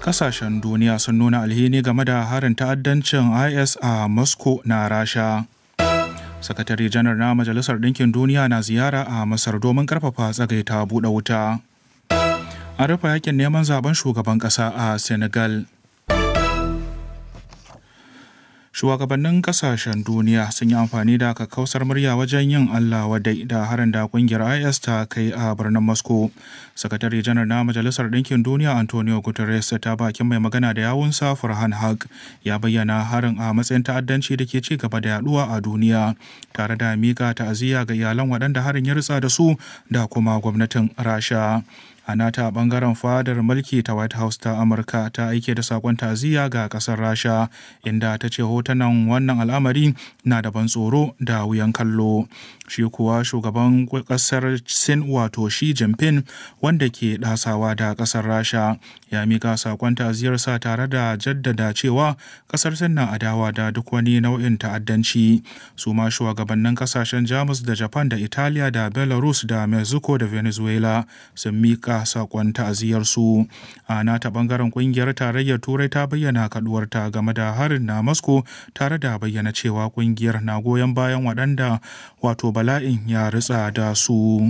Kasashen duniya sun nuna alhini game da harin ta'addancin IS a Moscow na Rasha. Sakatare janar na Majalisar Ɗinkin Duniya na ziyara a Masar domin ƙarfafa tsagaita buɗe wuta. An rufe yakin neman zaben shugaban ƙasa a Senegal. shugabannin kasashen duniya sun yi amfani da kakkausar murya wajen yin allah wadai da harin da kungiyar is ta kai a birnin moscow sakatare janar na majalisar ɗinkin duniya antonio guterres ta bakin mai magana da yawunsa farhan haq ya bayyana harin a matsayin ta'addanci da ke ci gaba da yaduwa a duniya tare da mika ta'aziyya ga iyalan waɗanda harin ya ritsa da su da kuma gwamnatin rasha a nata bangaren fadar mulki ta white house ta amurka ta aike da sakon ta'aziyya ga ƙasar rasha inda ta ce hotunan wannan al'amari na da ban tsoro da wuyan kallo shi kuwa shugaban kasar sin wato shi jinping wanda ke dasawa da kasar rasha ya mika sakon sa tare da jaddada cewa kasar sin na adawa da duk wani nau'in ta'addanci su ma shugabannin kasashen jamus da japan da italiya da belarus da mexico da venezuela sun mika sakon ta'aziyarsu a nata bangaren kungiyar tarayyar turai ta bayyana ta game da harin na moscow tare da bayyana cewa kungiyar na goyon bayan waɗanda wato bala'in ya ritsa da su.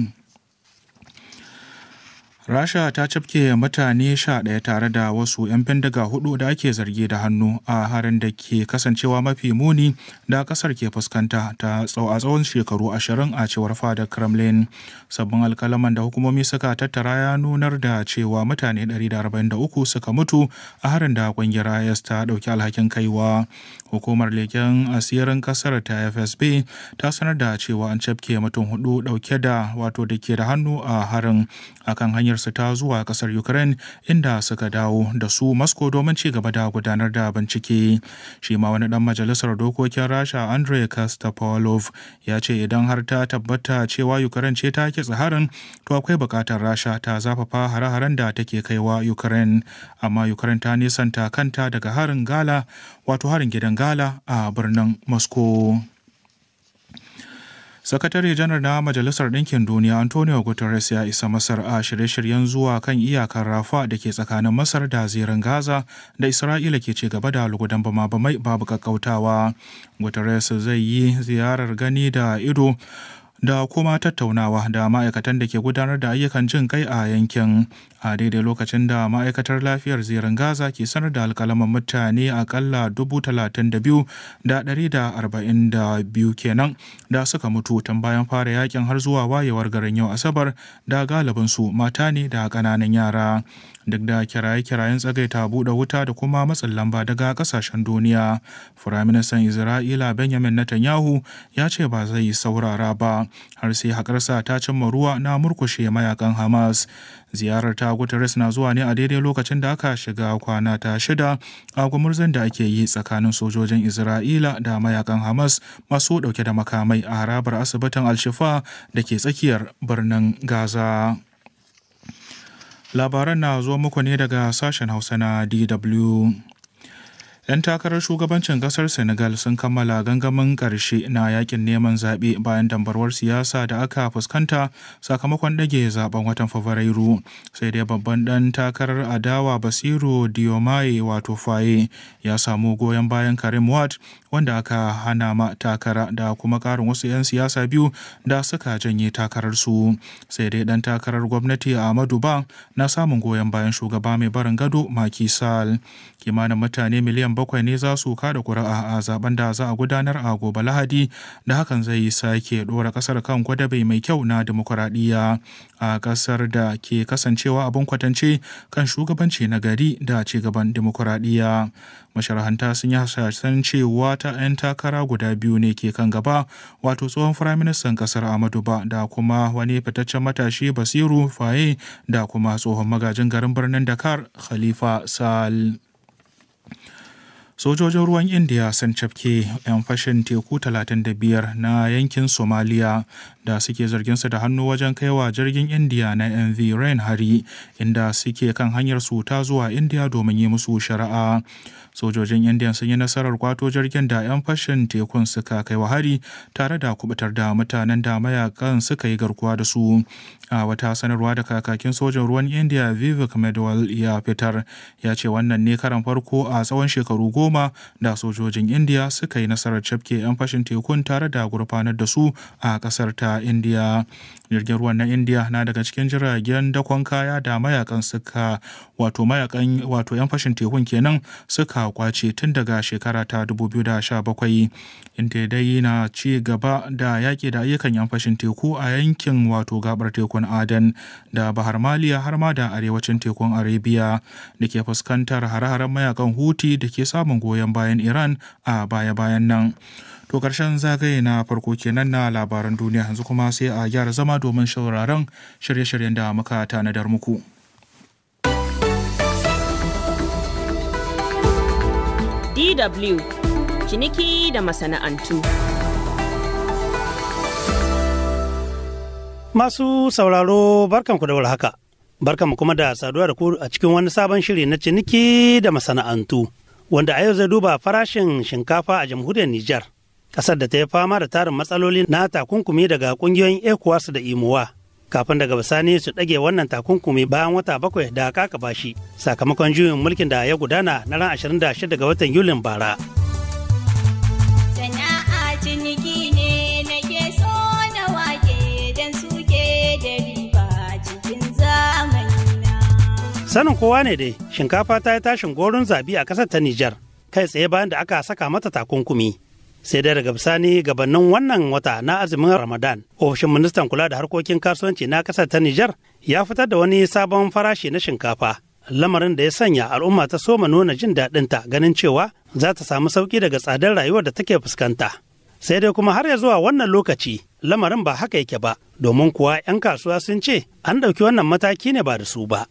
Rasha ta cafke mutane sha ɗaya tare da wasu 'yan bindiga hudu da ake zargi da hannu a harin da ke kasancewa mafi muni da kasar ke fuskanta ta a tsawon shekaru ashirin a cewar fada Kremlin. Sabbin alkalaman da hukumomi suka tattara ya nunar da cewa mutane 143 suka mutu a harin da kungiyar IS ta ɗauki alhakin kaiwa. Hukumar leken asirin kasar ta FSB ta sanar da cewa an cafke mutum hudu ɗauke da wato da ke da hannu a harin akan hanyar su ta zuwa kasar Ukraine inda suka dawo da su Moscow domin ci gaba da gudanar da bincike. Shi ma wani dan majalisar dokokin Rasha Andrei Kastapolov ya ce idan har ta tabbata cewa Ukraine ce ta ke harin to akwai bukatar Rasha ta zafafa hare-haren da take kaiwa Ukraine amma Ukraine ta nisanta kanta daga harin gala wato harin gidan gala a birnin Moscow. Sakatare janar na Majalisar Ɗinkin Duniya Antonio Guterres ya isa Masar a shirye-shiryen zuwa kan iyakar Rafa da ke tsakanin Masar da zirin Gaza da Isra'ila ke ci gaba da lugudan bama-bamai babu kakkautawa. Guterres zai yi ziyarar gani da ido da kuma tattaunawa da ma'aikatan da ke gudanar da ayyukan jin kai a yankin a daidai lokacin da ma'aikatar lafiyar zirin gaza ke sanar da alkalaman mutane akalla biyu kenan da suka mutu tun bayan fara yakin har zuwa wayewar garin yau asabar da galibinsu mata ne da ƙananan yara duk da kiraye-kirayen tsagaita buɗe wuta da kuma matsin lamba daga ƙasashen duniya. Firaministan Isra'ila Benjamin Netanyahu ya ce ba zai yi saurara ba har sai haƙarsa ta cimma ruwa na murkushe mayakan Hamas. Ziyarar ta Guterres na zuwa ne a daidai lokacin da aka shiga kwana ta shida a gumurzan da ake yi tsakanin sojojin Isra'ila da mayakan Hamas masu ɗauke da makamai a harabar asibitin Alshifa da ke tsakiyar birnin Gaza. Labaran na zuwa muku ne daga sashen Hausa na DW. 'Yan takarar shugabancin kasar Senegal sun kammala gangamin ƙarshe na yakin neman zaɓe bayan dambarwar siyasa da aka fuskanta sakamakon ɗage zaben watan Fabrairu. Sai dai babban ɗan takarar adawa Basiru Diomaye wato Faye ya samu goyon bayan Karim Ward wanda aka hana ma takara da kuma ƙarin wasu 'yan siyasa biyu da suka janye su Sai dai ɗan takarar gwamnati Ahmadu Ba na samun goyon bayan shugaba mai barin gado Macky Sall. Kimanin mutane miliyan bakwai ne za su kada kuri'a a zaben da za a gudanar a gobe lahadi da hakan zai sake dora kasar kan gwadabe mai kyau na demokuraɗiyya a kasar da ke kasancewa abin kwatance kan shugabanci na gari da cigaban demokuraɗiyya masharhanta sun yi hasashen cewa ta 'yan takara guda biyu ne ke kan gaba wato tsohon firaministan kasar amadu ba da kuma wani fitaccen matashi basiru faye da kuma tsohon magajin garin birnin dakar khalifa sal Sojojin ruwan Indiya sun cafke 'yan fashin teku 35 na yankin Somaliya da suke zarginsa da hannu wajen kaiwa jirgin indiya na mv rain hari inda suke kan hanyar su ta zuwa indiya domin yi musu shari'a sojojin indiya sun yi nasarar kwato jirgin da 'yan fashin tekun suka kai wa hari tare da kubutar da mutanen da mayakan suka yi garkuwa da su a wata sanarwa da kakakin sojan ruwan indiya vivek medwal ya fitar ya ce wannan ne karan farko a tsawon shekaru goma da sojojin indiya suka yi nasarar cafke 'yan fashin tekun tare da gurfanar da su a kasar ta indiya jirgin ruwan na indiya na daga cikin jiragen dakon kaya da mayakan suka wato mayakan wato yan fashin tekun kenan suka kwace tun daga shekara ta 2017 inda dai na ci gaba da yaki da ayyukan yan fashin teku a yankin wato gabar tekun adan da bahar maliya har ma da arewacin tekun arabia da ke fuskantar hare-haren mayakan huti da ke samun goyon bayan iran a baya-bayan nan To karshen zagaye na farko kenan na labaran duniya yanzu kuma sai a gyara zama domin shauraron shirye-shiryen da muka tanadar muku. DW ciniki da masana'antu. Masu sauraro barkanku da haka. Barkanmu kuma da saduwa da ku a cikin wani sabon shiri na ciniki da masana'antu, wanda a yau zai duba farashin shinkafa a jamhuriyar Nijar. kasar da ta yi fama da tarin matsaloli na takunkumi daga kungiyoyin ecowas da imowa kafin daga bisani su ɗage wannan takunkumi bayan wata bakwai da kaka bashi, sakamakon juyin mulkin da ya gudana na ran 26 ga watan yulin bara. Sanin kowa ne dai, shinkafa ta yi tashin gorin zabi a ƙasar ta Nijar, kai tsaye bayan da aka saka mata takunkumi. sai dai daga bisani gabanin wannan wata na azumin ramadan ofishin ministan kula da harkokin kasuwanci na kasar ta nijar ya fitar da wani sabon farashi na shinkafa lamarin da ya sanya al'umma ta soma nuna jin daɗinta ganin cewa za ta samu sauƙi daga tsadar rayuwar da take fuskanta sai dai kuma har ya zuwa wannan lokaci lamarin ba haka yake ba domin kuwa 'yan kasuwa sun ce an ɗauki wannan mataki ne ba da su ba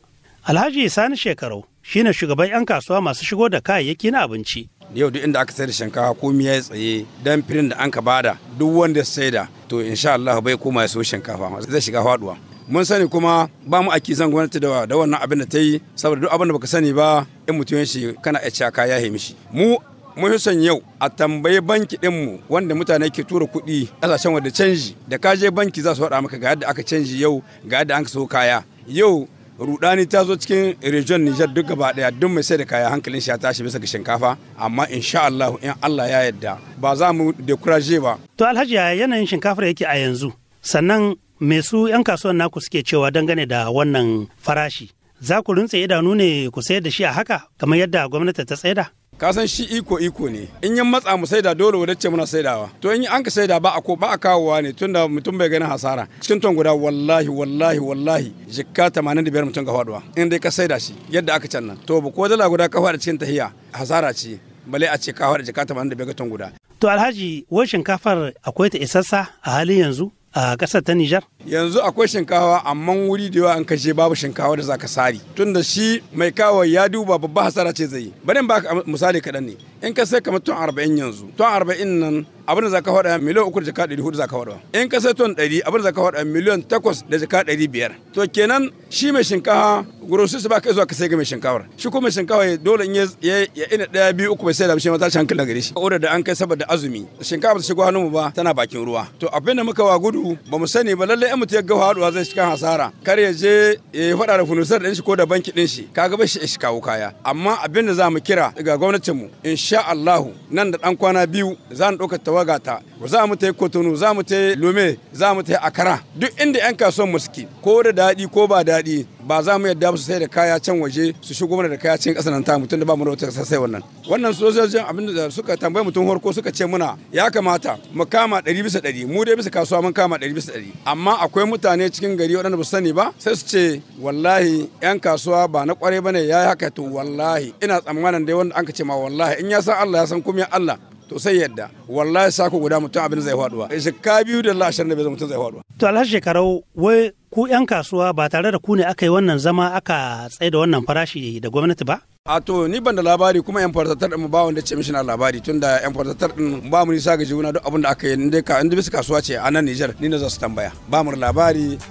alhaji sani shekarau shine shugaban 'yan kasuwa masu shigo da kayayyaki na abinci yau duk inda aka sayar da shinkafa ko miya ya tsaye dan firin da an ka bada duk wanda ya saida to insha Allah bai koma ya so shinkafa zai shiga faduwa mun sani kuma ba mu aiki zan gwamnati da da wannan abin da ta yi saboda duk abin da baka sani ba in mutum ya shi kana iya caka ya mishi mu mun son yau a tambayi banki din mu wanda mutane ke tura kuɗi kasashen wadda canji da ka je banki za su faɗa maka ga yadda aka canji yau ga yadda an so kaya yau rudani ta zo cikin region Niger duk gaba daya duk mai sai da kaya hankalin shi ya tashi bisa ga shinkafa amma insha Allah in Allah ya yarda ba za mu decourage ba to Alhaji ya yanayin shinkafar yake a yanzu sannan me su yan kasuwan naku suke cewa dangane da wannan farashi za ku rintse idanu ne ku sayar da shi a haka kamar yadda gwamnati ta tsaida ka san shi iko iko ne in yan matsa mu saida dole ce muna saidawa to in an ka saida ba a ko ba a kawowa ne tunda mutum bai ganin hasara cikin ton guda wallahi wallahi wallahi jikka 85 mutum ka faduwa in dai ka saida shi yadda aka can nan to ko dala guda ka fada cikin tahiya hasara ce bale a ce ka fada jikka 85 ton guda to alhaji wai shinkafar akwai ta isassa a halin yanzu a ƙasar ta Nijar? Yanzu akwai shinkawa amma wuri da yawa an kashe babu shinkawa da zaka sari. Tunda shi mai kawo ya duba babba hasara ce zai yi. Bari ba misali kaɗan ne. In ka sai kamar ton arba'in yanzu. Ton arba'in nan abin da za ka faɗa miliyan uku da jaka ɗari hudu ka faɗa. In ka sai ton ɗari abin da za ka faɗa miliyan takwas da jaka ɗari biyar. To kenan shi mai shinkawa gurin su ba kai zuwa ka sai ga mai shinkawar shi kuma shinkawa dole in ya ina daya biyu uku bai sai da shi mata shan kila gare shi da an kai saboda azumi shinkawa ba ta shigo hannun mu ba tana bakin ruwa to abin da muka wa gudu ba mu sani ba lalle in mutum ya ga haduwa zai shiga hasara kar ya je ya faɗa da funusar din shi ko da banki din shi kaga ba shi shi kawo kaya amma abin da za mu kira ga gwamnatin mu insha Allah nan da dan kwana biyu za mu tawaga ta za mu ta yi kotonu za mu ta yi lome za mu ta yi akara duk inda 'yan kasuwan mu ko da daɗi ko ba daɗi ba za mu yadda su sai da kaya can waje su shigo mana da kaya cikin ƙasar nan tamu tunda ba mu da wata sai wannan wannan sojojin abin da suka tambaye mutum farko suka ce muna ya kamata mu kama ɗari bisa ɗari mu dai bisa kasuwa mun kama ɗari bisa ɗari amma akwai mutane cikin gari waɗanda ba su sani ba sai su ce wallahi yan kasuwa ba na ba bane ya yi haka to wallahi ina tsammanin dai wanda an ka ce ma wallahi in ya san Allah ya san kuma Allah to sai yadda wallahi sako guda mutum abin zai faduwa shekka biyu da lashar ne bai mutum zai faduwa to alhaji shekarau wai ku yan kasuwa ba tare da ku ne aka yi wannan zama aka tsaye da wannan farashi da gwamnati ba a to ni ban da labari kuma yan fartatar din ba wanda ce mishi na labari tunda yan fartatar din ba mu nisa ga juna duk abin da aka yi inda ka bisa kasuwa ce a nan Niger ni na za su tambaya ba mu labari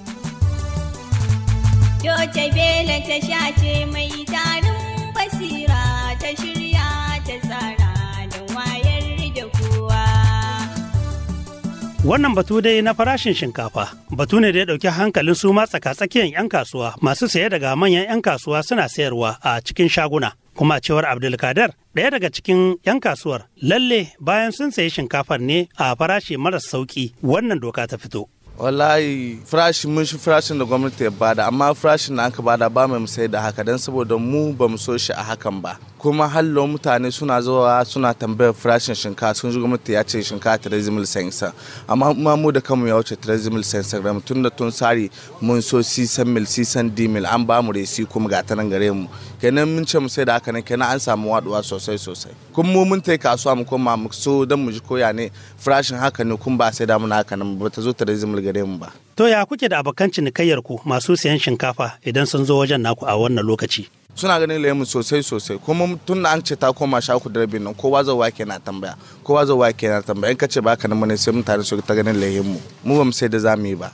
Yo ce bela ta sha ce mai tarin basira ta shirya Wannan batu dai na farashin shinkafa, batu ne da ya ɗauki hankalin su ma tsaka-tsakiyar 'yan kasuwa masu saye daga manyan 'yan kasuwa suna sayarwa a cikin shaguna. Kuma cewar abdulkadar ɗaya daga cikin 'yan kasuwar lalle bayan sun sayi shinkafar ne a farashi maras sauki wannan doka ta fito. wallahi farashi mun shi farashin da gwamnati ya bada amma farashin da aka bada ba mai sai da haka don saboda mu ba mu so shi a hakan ba kuma hallo mutane suna zuwa suna tambayar farashin shinkafa sun ji gwamnati ya ce shinkafa tarazimal sensa amma mu da kanmu ya wuce tarazimal sensa gram tun da tun sari mun so sisan mil sisan dimil an ba mu resi kuma ga ta nan gare mu kenan mun ce mu sai da haka ne kenan an samu waduwa sosai sosai kuma mu mun tai kasuwa mu koma mu so dan mu ji koya ne farashin haka ne kun ba sai da muna haka nan ba ta zo mil gare mu ba to ya kuke da abokan cinikayyar ku masu sayan shinkafa idan sun zo wajen naku a wannan lokaci suna ganin lemu sosai sosai kuma tun da an ce ta koma sha ku darbin rabin nan kowa zai wake na tambaya kowa zai wake na tambaya in ka ce baka nan sai mutane su ta ganin lemun mu ba mu sai da zamu yi ba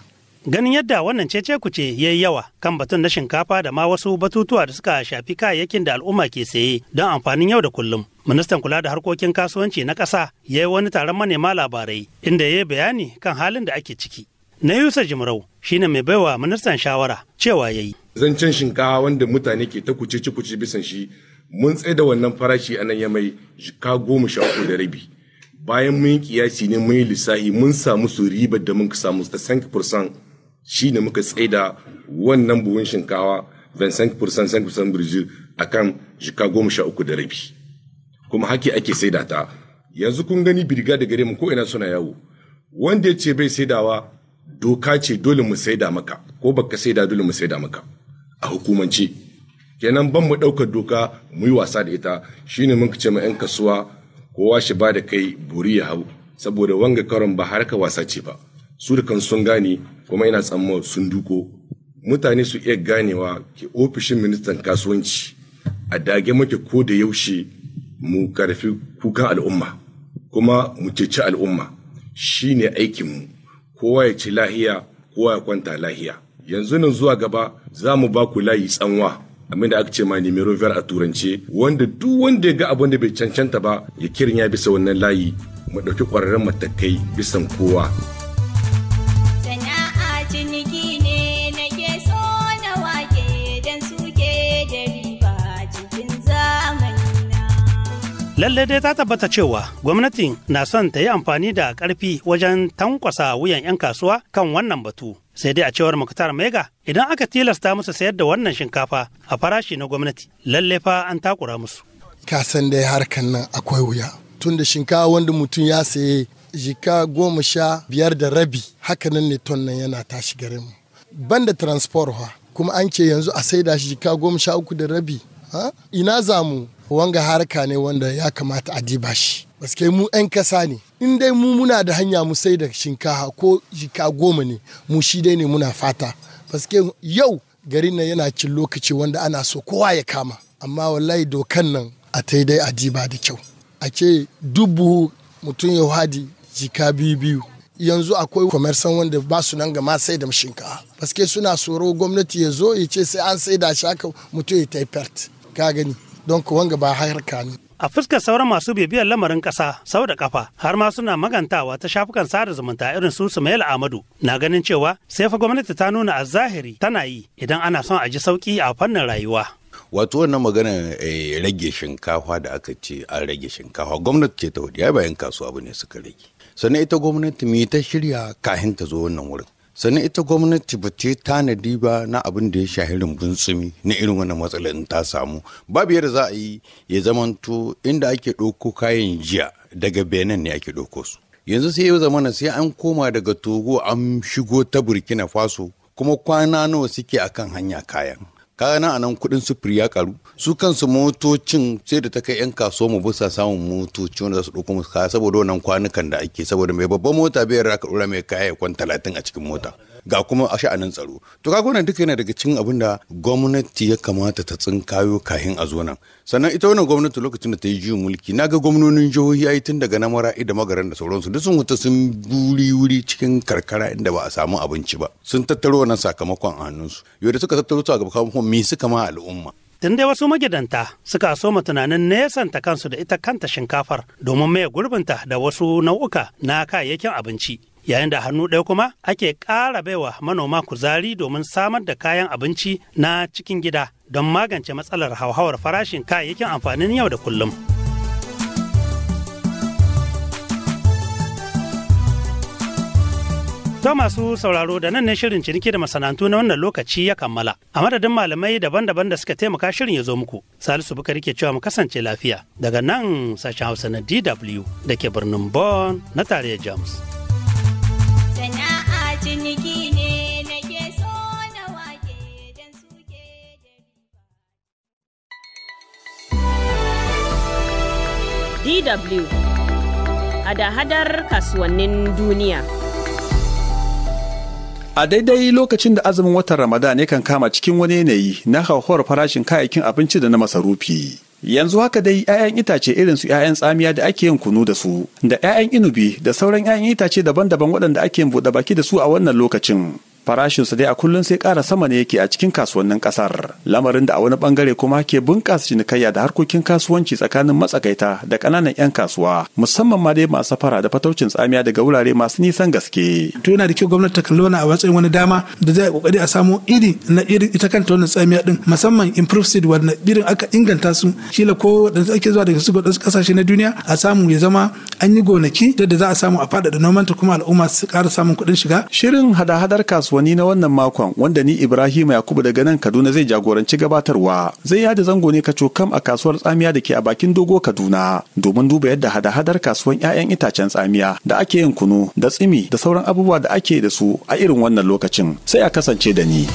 ganin yadda wannan cece ku ya yi yawa kan batun na shinkafa da ma wasu batutuwa da suka shafi kayayyakin da al'umma ke saye don amfanin yau da kullum ministan kula da harkokin kasuwanci na ƙasa ya yi wani taron manema labarai inda ya yi bayani kan halin da ake ciki na yusa jimrau shine mai baiwa ministan shawara cewa yayi. zancen shinkawa wanda mutane ke ta kuce ci kuce bisan shi mun tsaye da wannan farashi a nan ya mai jika goma sha uku da rabi bayan mun yi kiyasi ne mun yi lissahi mun samu su ribar da mun samu ta sanki fursan shi ne muka tsaye da wannan buhun shinkawa van sanki fursan sanki fursan birjil a kan jika goma sha uku da rabi kuma haki ake saida ta yanzu kun gani birga da gare mu ko ina suna yawo wanda ya ce bai saidawa doka ce dole mu saida maka ko baka saida dole mu saida maka a hukumance kenan ban mu ɗaukar doka mu yi wasa da ita shine mun ce ma 'yan kasuwa kowa shi ba da kai buri ya hau saboda wanga karon ba harka wasa ce ba su da kan sun gane kuma ina tsammawa sun duko mutane su iya ganewa ke ofishin ministan kasuwanci a dage muke ko da yaushe mu karfi kukan al'umma kuma mu ceci al'umma shine aikinmu kowa ya ci lahiya kowa ya kwanta lahiya yanzu nan zuwa gaba za mu ba ku layi tsanwa amin da aka ce ma nemi a turance wanda duk wanda ya ga abin da bai cancanta ba ya kirin ya bisa wannan layi mu ɗauki ƙwararren matakai bisan kowa. lallai dai ta tabbata cewa gwamnati na son ta yi amfani da karfi wajen tankwasa wuyan 'yan kasuwa kan wannan batu. Sai dai a cewar Muktar Mega idan aka tilasta musu sayar da wannan shinkafa a farashi na gwamnati lallai fa an takura musu. Ka san dai harkan nan akwai wuya. Tun da shinkafa wanda mutum ya saye jika goma sha biyar da rabi hakanan ne ton nan yana tashi garin mu. Banda transport kuma an ce yanzu a saida shi jika goma sha uku da rabi. Ina zamu wanga harka ne wanda ya kamata a diba shi baske mu 'yan kasa ne in dai mu muna da hanya mu sai da shinkafa ko jika goma ne mu shi dai ne muna fata baske yau garin nan yana cin lokaci wanda ana so kowa ya kama amma wallahi dokan nan a ta dai a diba da kyau a ce dubu mutum ya hadi jika biyu biyu yanzu akwai kwamersan wanda ba su nan gama sai da shinkafa baske suna tsoro gwamnati ya zo ya ce sai an sai da shi haka mutum ya taifert ka gani don wanga ba harka ne a fuskar sauran masu bibiyar lamarin kasa sau da kafa har ma suna magantawa ta shafukan sada zumunta irin su Sumayel Ahmadu na ganin cewa sai fa gwamnati ta nuna a zahiri tana yi idan ana son a ji sauki a fannin rayuwa wato wannan magana eh, rage shinkafa da aka ce a rage shinkafa gwamnati ce ta hudu ya bayan kasuwa ne suka rage sannan ita gwamnati me ta shirya kahin ta zo wannan wurin sannan ita gwamnati ba ce tanadi ba na abin da ya shahi rumbun tsumi na irin wannan matsala ta samu babu yadda za a yi ya zamanto inda ake ɗauko kayan jiya daga benin ne ake ɗauko su yanzu sai ya zamana sai an koma daga togo an shigo ta burkina faso kuma kwana nawa suke akan hanya kayan kaga nan anan kuɗin sufuri ya karu su kansu motocin sai da ta kai yan kasuwa mu bisa samun motoci wanda su ɗauko musu kaya saboda wannan kwanukan da ake saboda mai babban mota biyar aka ɗora mai kaya ya kwan talatin a cikin mota ga kuma a sha'anin tsaro to kaga wannan duka yana daga cikin abin da gwamnati ya kamata ta tsinkayo kahin a zo nan sannan ita wannan gwamnati lokacin da ta yi juyin mulki na ga gwamnonin jihohi yi tun daga na mara da magaran da sauransu duk sun wuta sun buri wuri cikin karkara inda ba a samu abinci ba sun tattaro wannan sakamakon a hannunsu yau da suka tattaro sakamakon me suka ma al'umma tun dai wasu magidanta suka soma tunanin nesanta kansu da ita kanta shinkafar domin maye gurbinta da wasu nau'uka na kayayyakin abinci yayin da hannu ɗaya kuma ake ƙara baiwa manoma kuzari domin samar da kayan abinci na cikin gida don magance matsalar hauhawar farashin kayayyakin amfanin yau da kullum. To masu sauraro da nan ne shirin ciniki da masana'antu na wannan lokaci ya kammala. A madadin malamai daban-daban da suka taimaka shirin ya zo muku. Salisu Bukari ke cewa mu kasance lafiya. Daga nan sashen Hausa na DW da ke birnin Bonn na tarayyar Jamus. ciniki ne nake so na wake don suke da DW hada-hadar kasuwannin duniya. A daidai lokacin da azumin watan Ramadan yakan kama cikin wani yanayi na hauhawar farashin kayayyakin abinci da na masarufi. Yanzu haka dai 'ya'yan itace irin su 'ya'yan tsamiya da ake yin kunu da su, da 'ya'yan inubi da sauran 'ya'yan itace daban-daban waɗanda ake yin buɗe baki da su a wannan lokacin. farashinsu dai a kullum sai ƙara sama ne yake a cikin kasuwannin ƙasar lamarin da a wani bangare kuma ke bunƙasa cinikayya da harkokin kasuwanci tsakanin matsakaita da ƙananan 'yan kasuwa musamman ma dai masu safara da fataucin tsamiya daga wurare masu nisan gaske. to yana da kyau gwamnati ta kalli wani a matsayin wani dama da zai kokari a samo iri na irin ita kanta wannan tsamiya din musamman in seed wanda irin aka inganta su kila ko da ake zuwa daga su kasashe na duniya a samu ya zama an yi gonaki da za a samu a faɗaɗa ta kuma al'umma su ƙara samun kuɗin shiga. shirin hada-hadar kasuwa kasuwanni na wannan makon wanda ni Ibrahim Yakubu daga nan Kaduna zai jagoranci gabatarwa. Zai yada zango ne kaco kam a kasuwar tsamiya da ke a bakin Dogo Kaduna domin duba yadda hada-hadar kasuwan 'ya'yan itacen tsamiya da ake yin kunu da tsimi da sauran abubuwa da ake da su a irin wannan lokacin. Sai a kasance da ni.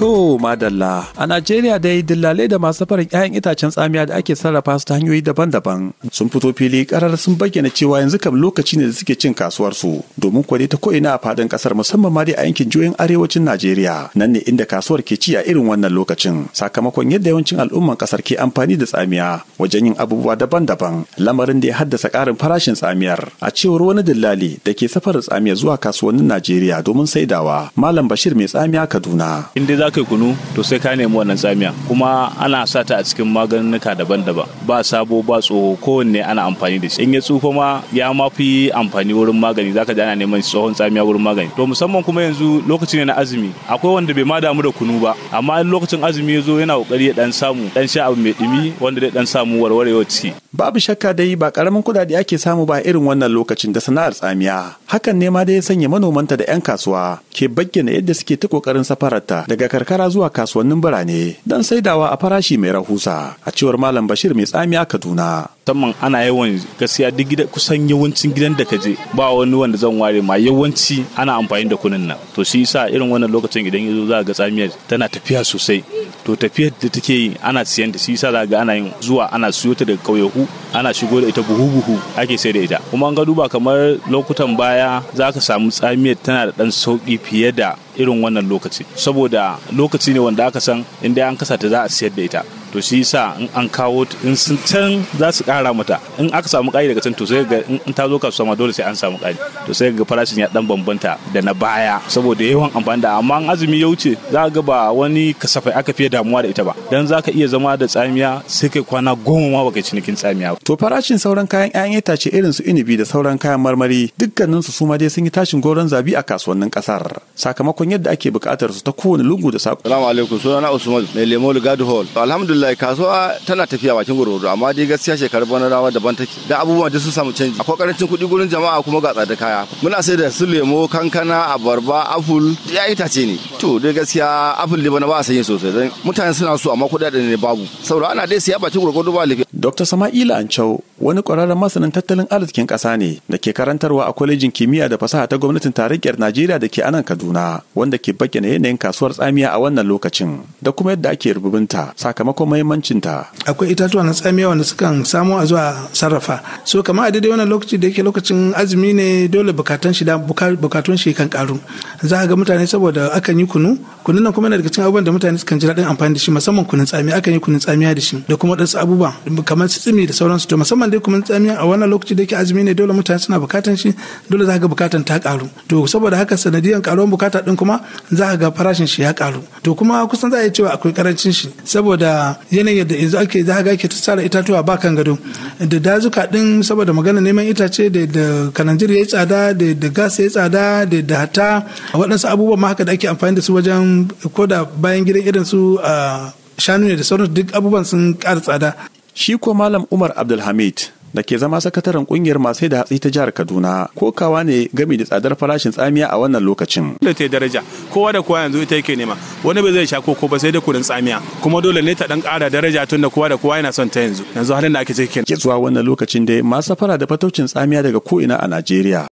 To madalla a Najeriya dai dillalai da masu farin 'ya'yan itacen tsamiya da ake sarrafa su ta hanyoyi daban-daban sun fito fili karar sun bayyana cewa yanzu kam lokaci ne da suke cin kasuwar su domin kwade ta ko'ina a fadin kasar musamman ma dai a yankin jihohin arewacin Najeriya nan ne inda kasuwar ke ci a irin wannan lokacin sakamakon yadda yawancin al'umman kasar ke amfani da tsamiya wajen yin abubuwa daban-daban lamarin da ya haddasa karin farashin tsamiyar a cewar wani dillali da ke safar tsamiya zuwa kasuwannin Najeriya domin saidawa Malam Bashir mai tsamiya Kaduna. Inda za za kunu to sai ka nemi wannan tsamiya kuma ana sa ta a cikin maganinuka daban-daban ba sabo ba tsoho kowanne ana amfani da shi in ya tsufa ma ya ma fi amfani wurin magani zaka ji ana neman tsohon tsamiya wurin magani to musamman kuma yanzu lokaci ne na azumi akwai wanda bai ma damu da kunu ba amma in lokacin azumi ya zo yana kokari ya dan samu dan sha abu mai dumi wanda zai dan samu warwarewa ciki babu shakka dai ba karamin kudade ake samu ba irin wannan lokacin da sana'ar tsamiya hakan ne ma da ya sanya manomanta da 'yan kasuwa ke bayyana yadda suke ta kokarin safararta daga karkara zuwa kasuwannin birane don saidawa a farashi mai rahusa a cewar malam bashir mai tsami a kaduna musamman ana yawan gaskiya duk gida kusan yawancin gidan da ka je ba wani wanda zan ware ma yawanci ana amfani da kunun nan to shi yasa irin wannan lokacin idan yazo zo za ga tsamiyar tana tafiya sosai to tafiyar da take yi ana siyan da shi yasa za ga ana yin zuwa ana siyo ta daga kauyaku ana shigo da ita buhu buhu ake sai da ita kuma an ga duba kamar lokutan baya za ka samu tsamiyar tana da dan sauki fiye da irin wannan lokaci saboda lokaci ne wanda aka san inda an kasa ta za a siyar da ita to shi yasa in an kawo in sun can za su kara mata in aka samu ƙari daga can to sai ga in ta zo kasuwa ma dole sai an samu ƙari to sai ga farashin ya dan bambanta da na baya saboda yawan amfani da amma an azumi ya wuce za ga ba wani kasafai aka fiye damuwa da ita ba dan za ka iya zama da tsamiya sai kai kwana goma ma baka cinikin tsamiya to farashin sauran kayan 'ya'yan itace irin su inibi da sauran kayan marmari dukkanin su suma dai sun yi tashin goron zabi a kasuwannin kasar sakamakon yadda ake bukatar su ta kowane lungu da sako assalamu alaikum sunana usman mai lemo gado hall alhamdulillah alhamdulillah kasuwa tana tafiya bakin gwargwaro amma dai gaskiya shekarar bana rawa daban take da abubuwan duk sun samu canji akwai karancin kuɗi gurin jama'a kuma ga tsada kaya muna sai da su lemo kankana abarba apple ya itace ne to dai gaskiya apple ne bana ba a sanya sosai dan mutane suna so amma kuɗaɗen ne babu saboda ana dai siya bakin gwargwaro ba lafiya Dr. Sama'ila Ancau wani ƙwararren masanin tattalin arzikin ƙasa ne da ke karantarwa a kwalejin kimiyya da fasaha ta gwamnatin tarayyar Najeriya da ke anan Kaduna wanda ke bayyana yanayin kasuwar tsamiya a wannan lokacin da kuma yadda ake rububinta sakamakon mahimmancinta. Akwai itatuwa na tsamiya wanda suka samu a zuwa sarrafa. So kamar a daidai wannan lokaci da yake lokacin azumi ne dole bukatun shi bukatun shi kan karu. Za ga mutane saboda akan yi kunu, kunun nan kuma yana daga cikin abubuwan da mutane suka ji daɗin amfani da shi musamman kunun tsamiya akan yi kunun tsamiya da shi da kuma ɗansu abubuwa kamar su tsimi da sauransu to musamman dai kunun tsamiya a wannan lokaci da yake azumi ne dole mutane suna bukatan shi dole za ga bukatan ta karu. To saboda haka sanadiyan karuwan bukata din kuma za ga farashin shi ya karu. To kuma kusan za a iya cewa akwai karancin shi saboda yanayin da yanzu ake za ga ake tsara itatuwa ba kan gado da dazuka din saboda magana neman itace da da kananjir ya tsada da da gas ya yi tsada da da hata waɗansu abubuwan ma haka da ake amfani da su wajen koda bayan gidan irin su ah, shanu ne da sauransu duk abubuwan sun ƙara tsada shi ko malam umar abdulhamid da ke zama sakataren kungiyar masu da hatsi ta jihar Kaduna kokawa ne gami da tsadar farashin tsamiya a wannan lokacin. Da ta daraja kowa da kowa yanzu ita yake nema wani bai zai sha koko ba sai da kudin tsamiya kuma dole ne ta dan kara daraja tun da kowa da kowa yana son ta yanzu yanzu halin da ake ciki. Ke zuwa wannan lokacin dai masu safara da fataucin tsamiya daga ko ina a Najeriya